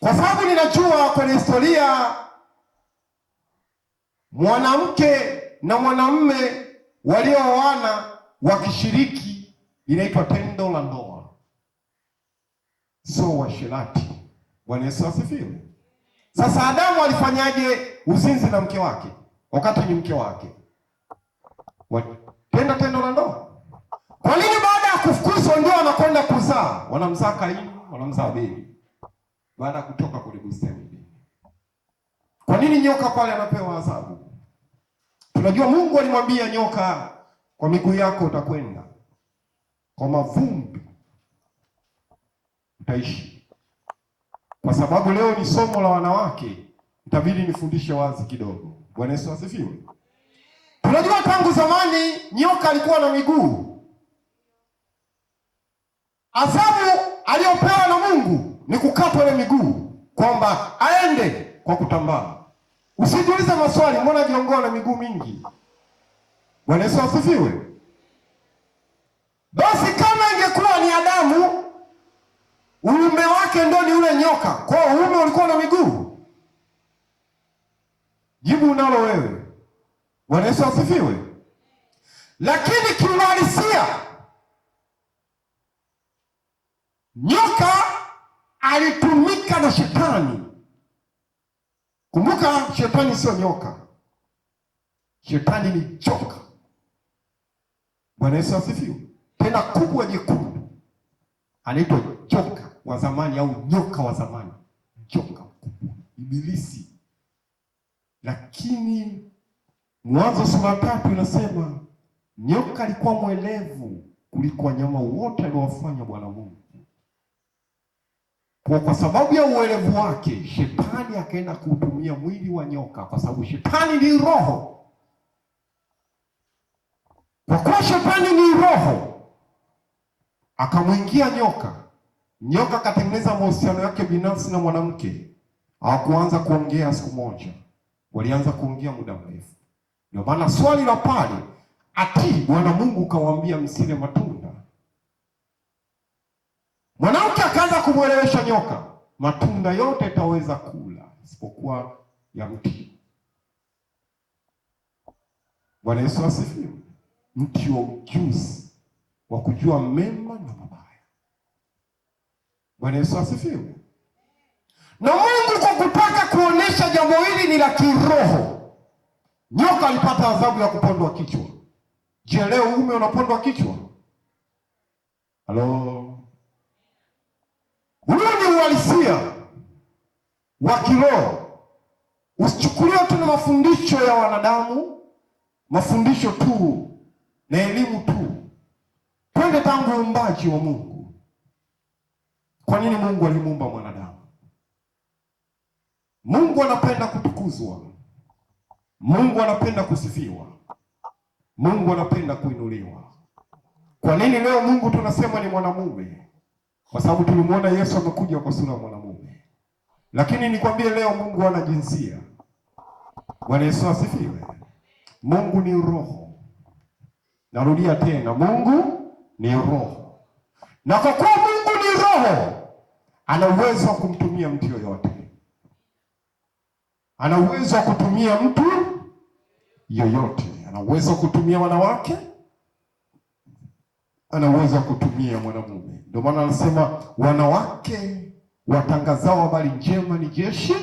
Kwa sababu ninajua kwenye historia mwanamke na mwanamume walioana wakishiriki inaitwa tendo la ndoa, so washerati. Bwana Yesu asifiwe. Sasa Adamu alifanyaje uzinzi na mke wake wakati ni mke wake? Watenda tendo la ndoa. Kwa nini baada ya kufukuzwa ndio wanakwenda kuzaa? Wanamzaa Kaini, wanamzaa Abeli baada ya kutoka kule bustani Kwa nini nyoka pale anapewa adhabu? Tunajua Mungu alimwambia nyoka, kwa miguu yako utakwenda, kwa mavumbi utaishi. Kwa sababu leo ni somo la wanawake, itabidi nifundishe wazi kidogo. Bwana Yesu asifiwe. Tunajua tangu zamani nyoka alikuwa na miguu. Adhabu aliyopewa na Mungu ni kukaa pale miguu, kwamba aende kwa kutambaa. Usijiulize maswali, mbona viongozi na miguu mingi? Bwana Yesu asifiwe. Basi kama ingekuwa ni Adamu, uume wake ndio ni ule nyoka, kwa uume ulikuwa na miguu? Jibu unalo wewe. Bwana Yesu asifiwe. Lakini kiuhalisia nyoka alitumika na shetani. Kumbuka, shetani sio nyoka, shetani ni joka. Bwana Yesu asifiwe. Tena kubwa jekundu, anaitwa joka wa zamani au nyoka wa zamani, joka mkubwa, Ibilisi. Lakini Mwanzo sura tatu inasema nyoka alikuwa mwelevu kuliko wanyama wote aliowafanya Bwana Mungu. Kwa, kwa sababu ya uelevu wake shetani akaenda kuutumia mwili wa nyoka, kwa sababu shetani ni roho. Kwa kuwa shetani ni roho, akamwingia nyoka. Nyoka akatengeneza mahusiano yake binafsi na mwanamke, hawakuanza kuongea siku moja, walianza kuongea muda mrefu. Ndio maana swali la pale ati Bwana Mungu kawaambia msile matunda mwanamke Ukianza kumwelewesha nyoka, matunda yote itaweza kula isipokuwa ya mti. Bwana Yesu asifiwe. Mti wa ujuzi wa kujua mema na mabaya. Bwana Yesu asifiwe. Na Mungu kwa kutaka kuonesha jambo hili ni la kiroho, nyoka alipata adhabu ya kupondwa kichwa. Je, leo ume unapondwa kichwa? Halo. Huo ni uhalisia wa kiroho. Usichukuliwe tu na mafundisho ya wanadamu, mafundisho tu na elimu tu. Twende tangu uumbaji wa Mungu. Kwa nini Mungu alimuumba mwanadamu? Mungu anapenda kutukuzwa, Mungu anapenda kusifiwa, Mungu anapenda kuinuliwa. Kwa nini leo Mungu tunasema ni mwanamume kwa sababu tulimwona Yesu amekuja kwa sura ya mwanamume. Lakini nikwambie leo, Mungu ana jinsia. Bwana Yesu asifiwe. Mungu ni roho, narudia tena, Mungu ni roho, na kwa kuwa Mungu ni roho, ana uwezo wa kumtumia mtu yoyote, ana uwezo wa kutumia mtu yoyote, ana uwezo wa kutumia wanawake anaweza kutumia mwanamume. Ndio maana anasema wanawake watangazao habari njema ni jeshi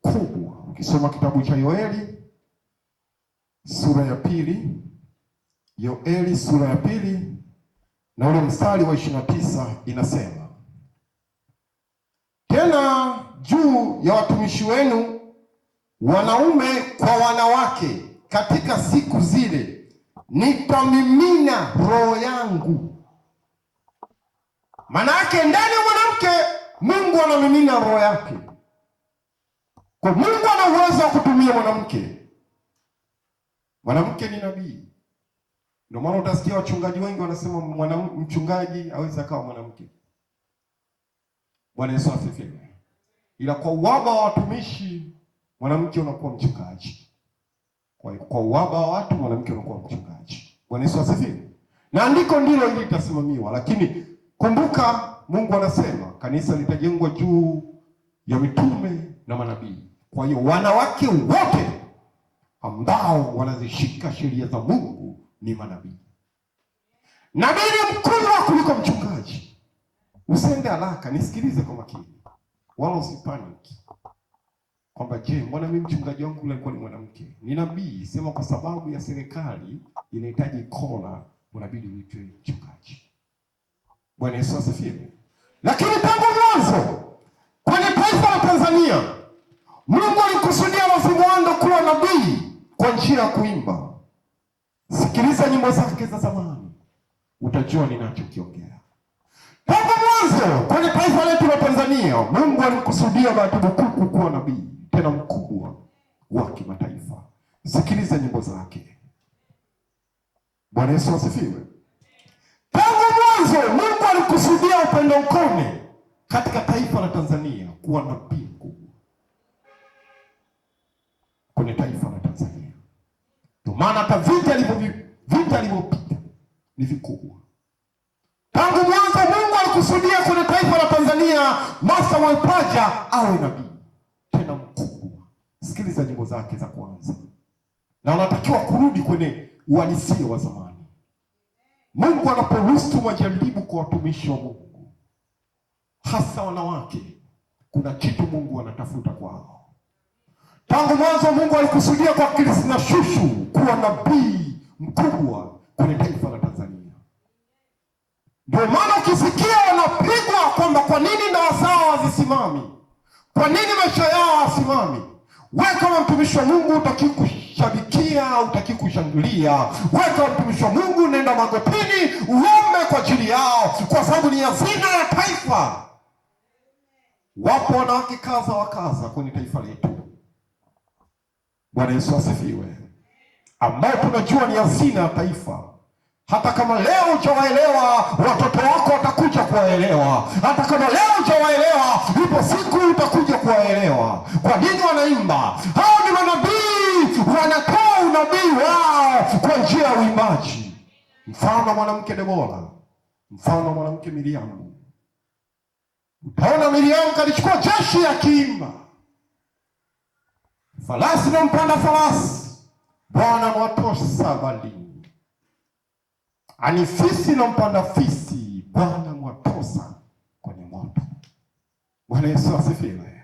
kubwa. Ukisoma kitabu cha Yoeli sura ya pili, Yoeli sura ya pili na ule mstari wa ishirini na tisa inasema tena, juu ya watumishi wenu wanaume kwa wanawake katika siku zile nitamimina roho yangu. Manake ndani ya mwanamke Mungu anamimina roho yake. Kwa Mungu ana uwezo wa kutumia mwanamke. Mwanamke ni nabii. Ndio maana utasikia wachungaji wengi wanasema mchungaji aweza akawa mwanamke. Bwana Yesu asifiwe. Ila kwa uwaba wa watumishi mwanamke unakuwa mchungaji. Kwa uwaba wa watu mwanamke unakuwa mchungaji. Bwana Yesu asifiwe. Na andiko ndilo hili litasimamiwa, lakini kumbuka, Mungu anasema kanisa litajengwa juu ya mitume na manabii. Kwa hiyo wanawake wote ambao wanazishika sheria za Mungu ni manabii. Nabii ni mkubwa kuliko mchungaji. Usiende haraka, nisikilize kwa makini, wala usipaniki kwamba je, mbona mimi mchungaji wangu yule alikuwa ni mwanamke? Ni nabii, sema kwa sababu ya serikali inahitaji kola, unabidi uitwe mchungaji. Bwana Yesu asifiwe. Lakini tangu mwanzo kwenye taifa la Tanzania Mungu alikusudia Mazimuhando kuwa nabii kwa njia ya kuimba. Sikiliza nyimbo zake za zamani, utajua ninachokiongea tangu mwanzo kwenye taifa letu la Tanzania, Mungu alikusudia Baatibu Kuku kuwa nabii tena mkubwa wa kimataifa. Sikiliza nyimbo zake. Bwana Yesu asifiwe. Tangu mwanzo Mungu alikusudia upendo ukone katika taifa la Tanzania kuwa nabii mkubwa kwenye taifa la Tanzania. Ndio maana hata vita alivyopita ni vikubwa tangu mwanzo Mungu kusudia kwenye taifa la Tanzania, Master Waipaja awe nabii tena mkubwa. Sikiliza nyimbo zake za kwanza, na unatakiwa kurudi kwenye uhalisia wa zamani. Mungu anaporuhusu majaribu kwa watumishi wa Mungu, hasa wanawake, kuna kitu Mungu anatafuta kwao. Tangu mwanzo Mungu alikusudia kwa Shushu kuwa nabii mkubwa kwenye taifa ndio maana ukisikia wanapigwa kwamba kwa nini ndoa zao hazisimami, kwa nini maisha yao hasimami, wewe kama mtumishi wa Mungu utaki kushabikia, utaki kushangilia. Wewe kama mtumishi wa Mungu nenda magotini uombe kwa ajili yao, kwa sababu ni hazina ya taifa. Wapo wanawake kaza wa kadha kwenye taifa letu, Bwana Yesu asifiwe, ambao tunajua ni hazina ya taifa hata kama leo hujawaelewa, watoto wako watakuja kuwaelewa. Hata kama leo hujawaelewa, ipo siku utakuja kuwaelewa. Kwa nini wanaimba? Hao ni manabii, wanatoa unabii wao kwa njia ya uimbaji. Mfano mwanamke Debora, mfano mwanamke Miriamu. Utaona Miriamu kalichukua jeshi ya kiimba, falasi na mpanda falasi, Bwana mwatosa balini ani fisi na mpanda fisi Bwana mwatosa kwenye moto. Bwana Yesu asifiwe.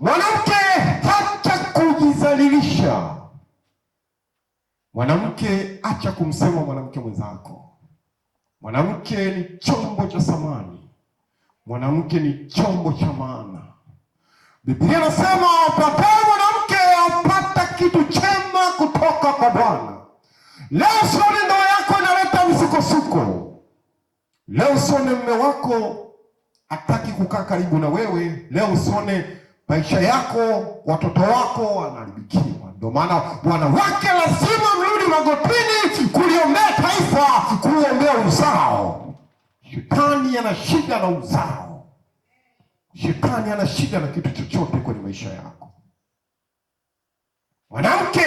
Mwanamke acha kujizalilisha, mwanamke acha kumsema mwanamke mwenzako. Mwanamke ni chombo cha samani, mwanamke ni chombo cha maana. Biblia inasema papaye mwanamke apata kitu chema kutoka kwa Bwana. Leo Leo usone mume wako hataki kukaa karibu na wewe, leo usone maisha yako, watoto wako wanaharibikiwa. Ndio maana wanawake lazima mrudi magotini kuliombea taifa, kuombea uzao. Shetani ana shida na uzao, shetani ana shida na kitu chochote kwenye maisha yako. Mwanamke,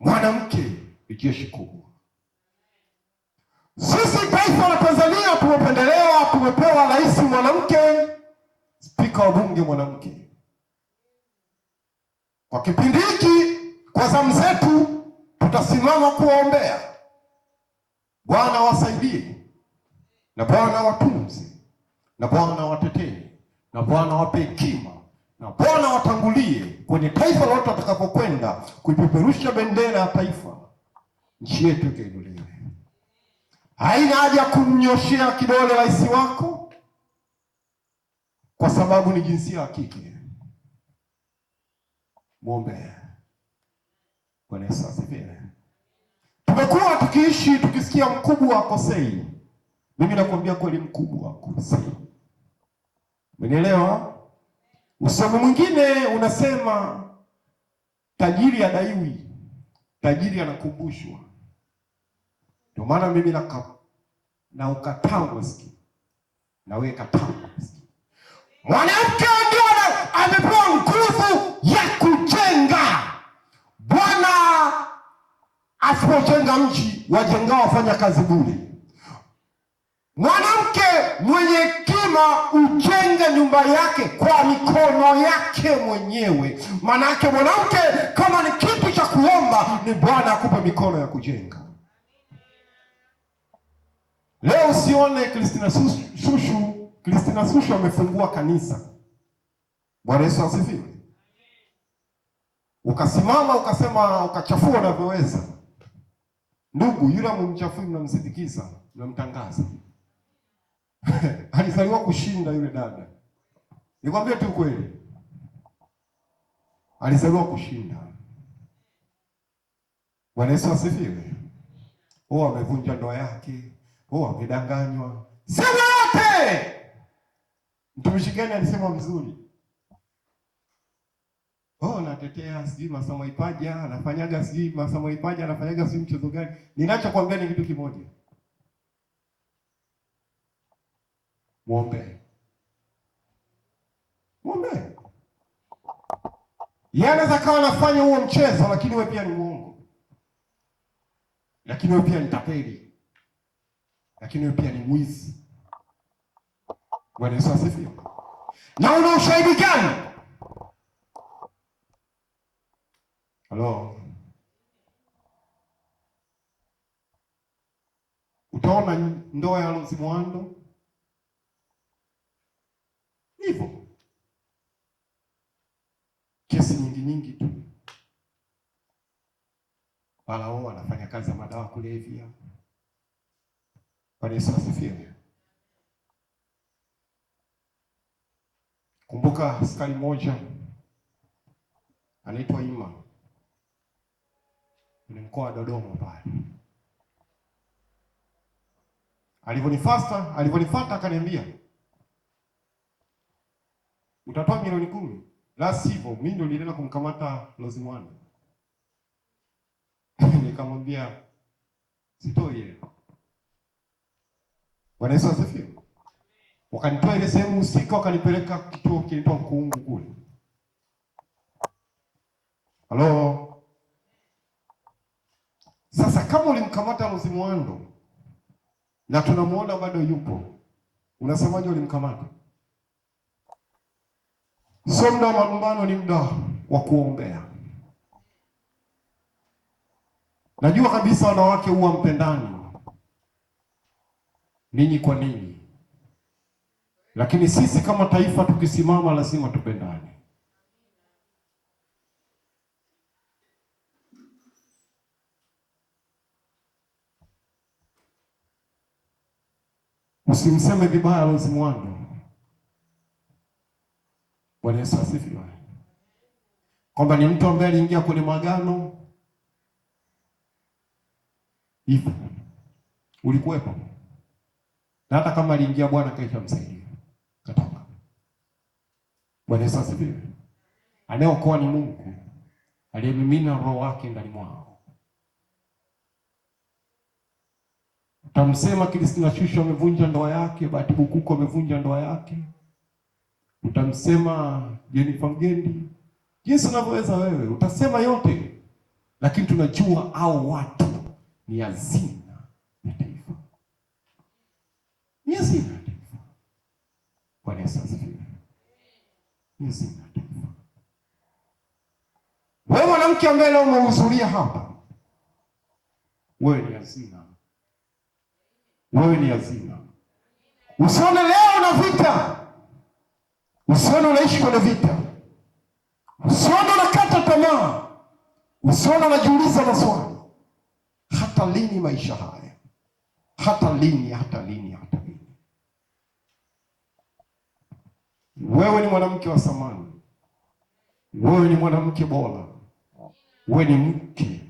mwanamke ni jeshi kubwa. Sisi taifa la Tanzania tumependelewa, tumepewa rais mwanamke, spika wa bunge mwanamke. Kwa kipindi hiki, kwa zamu zetu, tutasimama kuwaombea. Bwana wasaidie na Bwana watunze na Bwana watetee na Bwana wape hekima na Bwana watangulie kwenye taifa lote watakapokwenda kuipeperusha bendera ya taifa, nchi yetu ikainuliwe. Haina haja kumnyoshea kidole rais wako kwa sababu ni jinsia ya kike. Muombe Bwana Yesu asifiwe. Tumekuwa tukiishi tukisikia mkubwa akosei. Mimi nakwambia kweli, mkubwa akosei. Umenielewa? Usemo mwingine unasema tajiri adaiwi, tajiri anakumbushwa ndio maana mimi na na ukataa umaskini na wewe kataa umaskini. Mwanamke ndio amepewa nguvu ya kujenga. Bwana asipojenga mji, wajenga wafanya kazi bure. Mwanamke mwenye hekima ujenga nyumba yake kwa mikono yake mwenyewe. Maanake mwanamke, kama ni kitu cha kuomba, ni Bwana akupe mikono ya kujenga. Leo usione Kristina Shushu. Kristina Shushu amefungua kanisa. Bwana Yesu asifiwe. Ukasimama ukasema ukachafua unavyoweza. Ndugu yule mumchafui, mnamsindikiza, mnamtangaza alizaliwa kushinda yule dada, nikwambie tu kweli, alizaliwa kushinda. Bwana Yesu asifiwe. Oh, amevunja ndoa yake oh, wamedanganywa, sema yote. Mtumishi gani alisema mzuri? Oh, natetea sijui masomo ipaja, anafanyaga sijui masomo ipaja, anafanyaga sijui mchezo gani. Ninachokwambia ni kitu kimoja, muombe, muombe. Yeye anaweza kawa anafanya huo mchezo, lakini wewe pia ni mwongo, lakini wewe pia ni tapeli lakini wewe pia ni mwizi. Bwana Yesu asifiwe. Na una ushahidi gani? Halo, utaona ndoa ya Rose Muhando hivyo, kesi nyingi nyingi tu. Farao wanafanya kazi ya madawa kulevya Bwana Yesu asifiwe. Kumbuka askari moja anaitwa Ima, ni mkoa wa Dodoma pale. Alivyonifasta, alivyonifata akaniambia, utatoa milioni kumi, la sivyo mimi ndio nilienda kumkamata Mwana. Nikamwambia sitoi yeye Bwana Yesu asifiwe. Wakanitoa ile sehemu usika wakanipeleka kituo kinaitwa Mkuungu kule. Halo. Sasa kama ulimkamata wando na tunamuona bado yupo, unasemaje ulimkamata? Sio muda wa malumbano, ni muda wa kuombea. Najua kabisa wanawake huwa mpendani ninyi kwa ninyi, lakini sisi kama taifa tukisimama, lazima tupendane. Usimseme vibaya wazimu wako. Bwana Yesu asifiwe. Kwamba ni mtu ambaye aliingia kwenye magano hivyo, ulikuwepo na hata kama aliingia Bwana kesho amsaidie katoka. Bwana Yesu asifiwe. Anayeokoa ni Mungu aliyemimina roho wake ndani mwao. Utamsema Kristina Shusho amevunja ndoa yake, Bahati Bukuku amevunja ndoa yake, utamsema Jenifa Mgendi jinsi unavyoweza wewe, utasema yote, lakini tunajua au watu ni azimu Yes, yes. Bwana Yesu asifiwe. Yes, yes. Wewe mwanamke ambaye leo umehudhuria hapa, wewe ni hazina, wewe ni hazina. Usione leo una vita, usione unaishi kwenye vita, usione unakata tamaa, usione unajiuliza maswali, hata lini maisha haya? Hata lini? Hata lini? hata Wewe ni mwanamke wa samani, wewe ni mwanamke bora, wewe ni mke.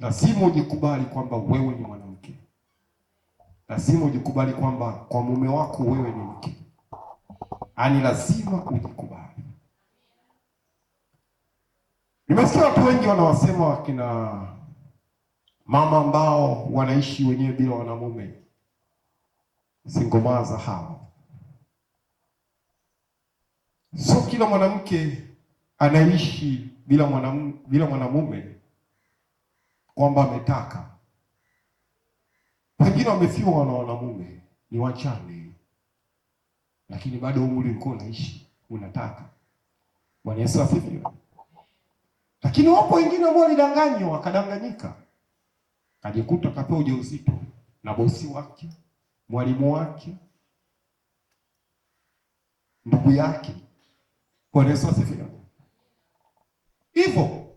Lazima ujikubali kwamba wewe ni mwanamke, lazima ujikubali kwamba kwa mume wako wewe ni mke, ani lazima ujikubali. Nimesikia watu wengi wanawasema wakina mama ambao wanaishi wenyewe bila wanamume zingomaa za hamu. Sio kila mwanamke anaishi bila mwanamume, bila mwanamume kwamba ametaka. Wengine wamefiwa na wanamume ni wachane, lakini bado umri uko unaishi unataka. Bwana Yesu asifiwe. Lakini wapo wengine ambao walidanganywa wakadanganyika, akajikuta kapewa ujauzito na bosi wake mwalimu wake, ndugu yake. Bwana Yesu asifiwe. Hivyo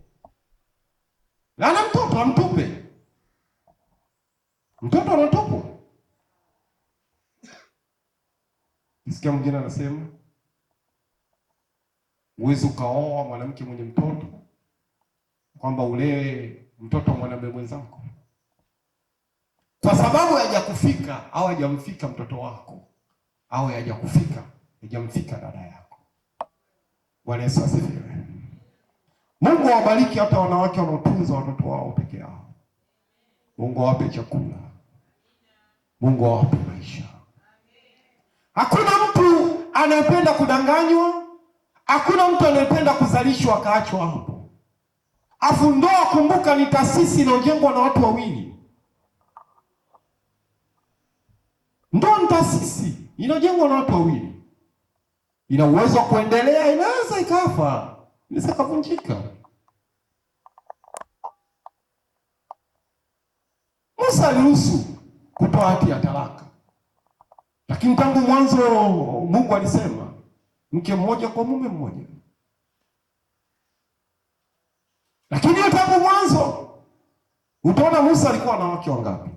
lana mtoto amtupe mtoto anatupwa. Nisikia mwingine anasema huwezi ukaoa mwanamke mwenye mtoto, kwamba ulee mtoto wa mwanamume mwenzako kwa sababu hajakufika au hajamfika mtoto wako au hajakufika hajamfika dada yako. Bwana Yesu asifiwe. Mungu awabariki hata wanawake wanaotunza watoto wao peke yao. Mungu awape chakula, Mungu awape maisha. Hakuna mtu anayependa kudanganywa, hakuna mtu anayependa kuzalishwa akaachwa hapo. Afu ndoa, kumbuka, ni taasisi inayojengwa na watu wawili Mbona taasisi inajengwa na watu wawili, ina uwezo wa kuendelea, inaweza ikafa, inaweza ikavunjika. Musa aliruhusu kutoa hati ya talaka, lakini tangu mwanzo Mungu alisema mke mmoja kwa mume mmoja, lakini tangu mwanzo utaona Musa alikuwa na wake wangapi?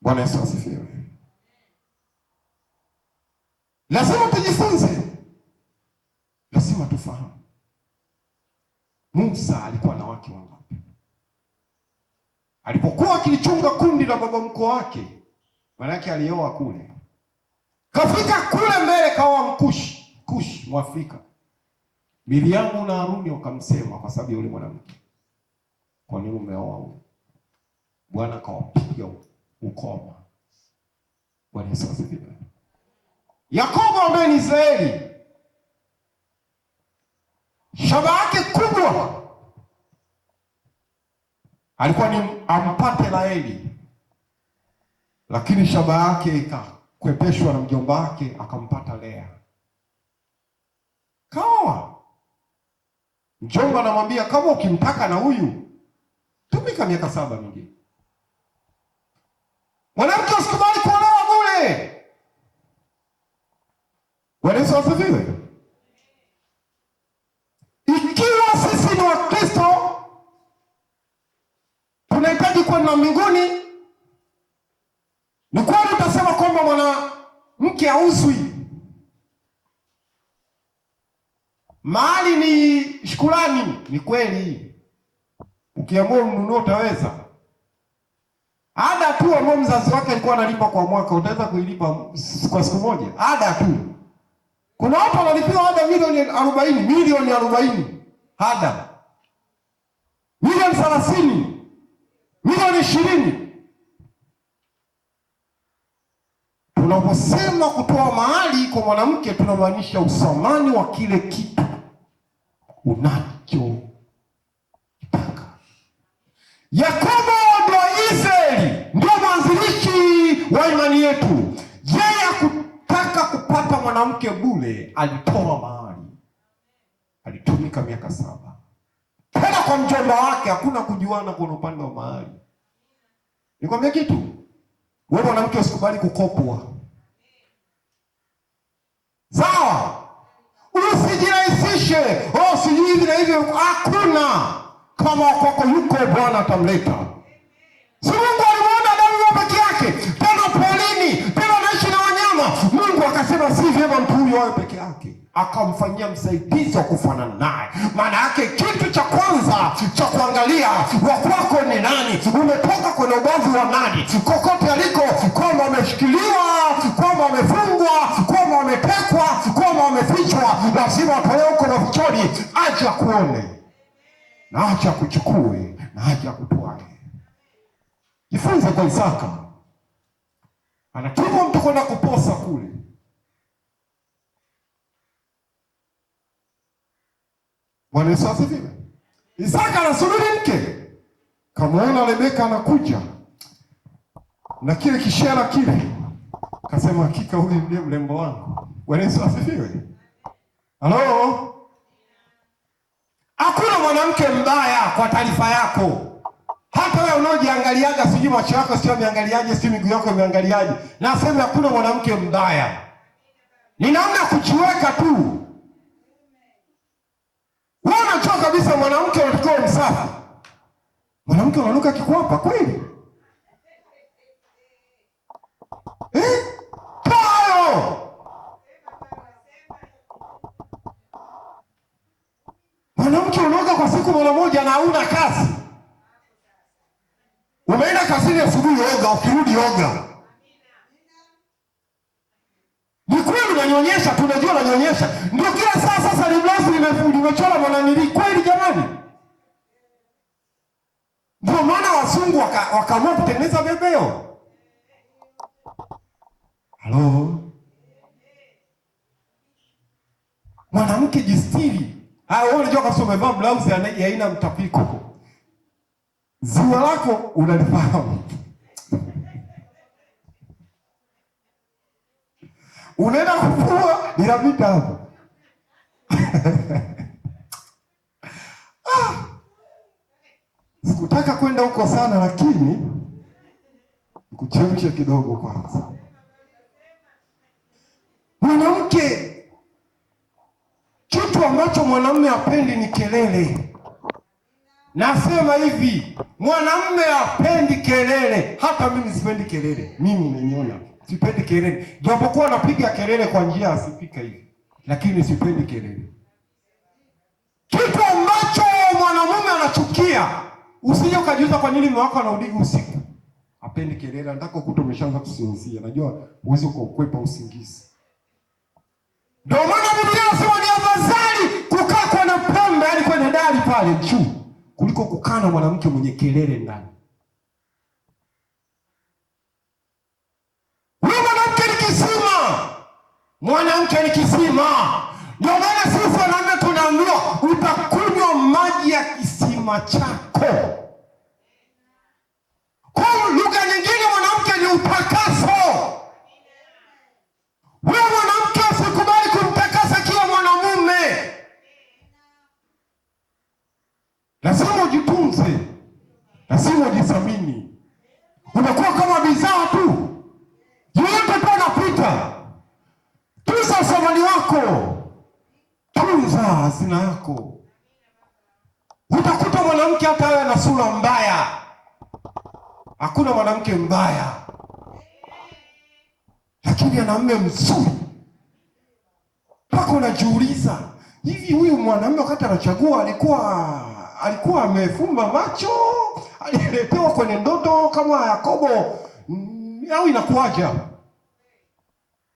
Bwana Yesu asifiwe. Lazima tujifunze, lazima tufahamu Musa alikuwa na wake wangapi alipokuwa akilichunga kundi la baba mkoo wake. Maanake alioa kule, kafika kule mbele, kaoa Mkushi, Kush Mwafrika. Miriamu na Haruni wakamsema kwa sababu ya yule mwanamke, kwa nini umeoa huyo? Bwana kawapiga ukoma. Bwana Yesu asifiwe. Yakobo ambaye ni Israeli, shaba yake kubwa alikuwa ni ampate Raheli, lakini shaba yake ikakwepeshwa na mjomba wake, akampata Lea. Kawa mjomba anamwambia, kama ukimtaka na huyu tumika miaka saba mingine Mwanamke usikubali kuolewa bure. Bwana Yesu Ikiwa sisi ni Wakristo, tunahitaji kwenda mbinguni. Ni kweli utasema kwamba mwanamke auzwi mali ni shukurani. Ni kweli, ukiamua mnunua utaweza tu ambayo mzazi wake alikuwa analipa kwa mwaka, utaweza kuilipa kwa siku moja ada tu. Kuna watu wanalipiwa ada milioni arobaini, milioni arobaini ada, milioni thelathini, milioni ishirini. Tunaposema kutoa mahali kwa mwanamke, tunamaanisha usamani wa kile kitu unacho kitaka Yakobo wa imani yetu. Yeye kutaka kupata mwanamke bure, alitoa mahali, alitumika miaka saba tena kwa mjomba wake. Hakuna kujuana kwa upande wa mahali. Nikwambia kitu, wewe mwanamke usikubali kukopwa, sawa? Usijirahisishe oh, sijui hivi na hivyo. Hakuna kama wako yuko Bwana atamleta yake, tena polini, tena anaishi na wanyama. Mungu akasema si vyema mtu huyo awe peke yake, akamfanyia msaidizi wa kufanana naye. Maana yake kitu cha kwanza cha kuangalia wakwako ni nani, umetoka kwenye ubavu wa nani, kokote aliko, kwamba ameshikiliwa, kwamba amefungwa, kwamba ametekwa, kwamba amefichwa, lazima na mafichoni, acha kuone na acha akuchukue na acha kutoae. Jifunze kwa Isaka anatumwa mtu kwenda kuposa kule. Bwana Yesu asifiwe. Isaka anasubiri mke, kamwona Rebeka anakuja na kile kishera kile, kasema hakika huyu ndiye mrembo wangu. Bwana Yesu asifiwe. Halo, hakuna mwanamke mbaya, kwa taarifa yako. Hata wewe unaojiangaliaga, sijui macho yako sio ameangaliaje, si miguu yako imeangaliaje, nasema hakuna mwanamke mbaya, ni namna kujiweka tu. Wewe unachoka kabisa mwanamke unatakiwa msafi. Mwanamke unanuka kikwapa kweli eh? mwanamke unaoga kwa siku mara moja na hauna kasi Umeenda kazini asubuhi, oga, ukirudi oga. Ni kweli unanyonyesha, tunajua unanyonyesha, ndio kila saa sasa ni blouse limechora mwananili. Kweli jamani, ndio maana wazungu wakaamua kutengeneza bebeo. Halo mwanamke, jistiri. Ah, wewe unajua kama umevaa blouse ya aina mtapiko ziwa lako unalifahamu. Unaenda kuvua linapita hapo. Ah, sikutaka kwenda huko sana, lakini kuchemsha kidogo kwanza. Mwanamke, kitu ambacho mwanamume apendi ni kelele. Nasema hivi Mwanamume hapendi kelele, hata mimi sipendi kelele. Mimi umeniona, sipendi kelele, japokuwa napiga kelele kwa njia ya sipika hivi, lakini sipendi kelele. Kitu ambacho mwanamume anachukia, usije ukajiuliza kwa nini mume wako anaudigi usiku. Hapendi kelele, ndako kuto umeshaanza kusinzia, najua huwezi kukwepa usingizi. Ndio maana Biblia anasema ni afadhali kukaa kwa na pombe hadi kwenye dari pale juu kuliko kukaa na mwanamke mwenye kelele ndani. mwanamke ni kisima, mwanamke ni kisima. Ndio maana sisi wanaume tunaambiwa utakunywa maji ya kisima chako. Kwa lugha nyingine, mwanamke ni upaka sura mbaya, hakuna mwanamke mbaya, lakini ana mume mzuri mpaka unajiuliza hivi, huyu mwanamume wakati anachagua alikuwa alikuwa amefumba macho, alieletewa kwenye ndoto kama Yakobo au inakuwaje?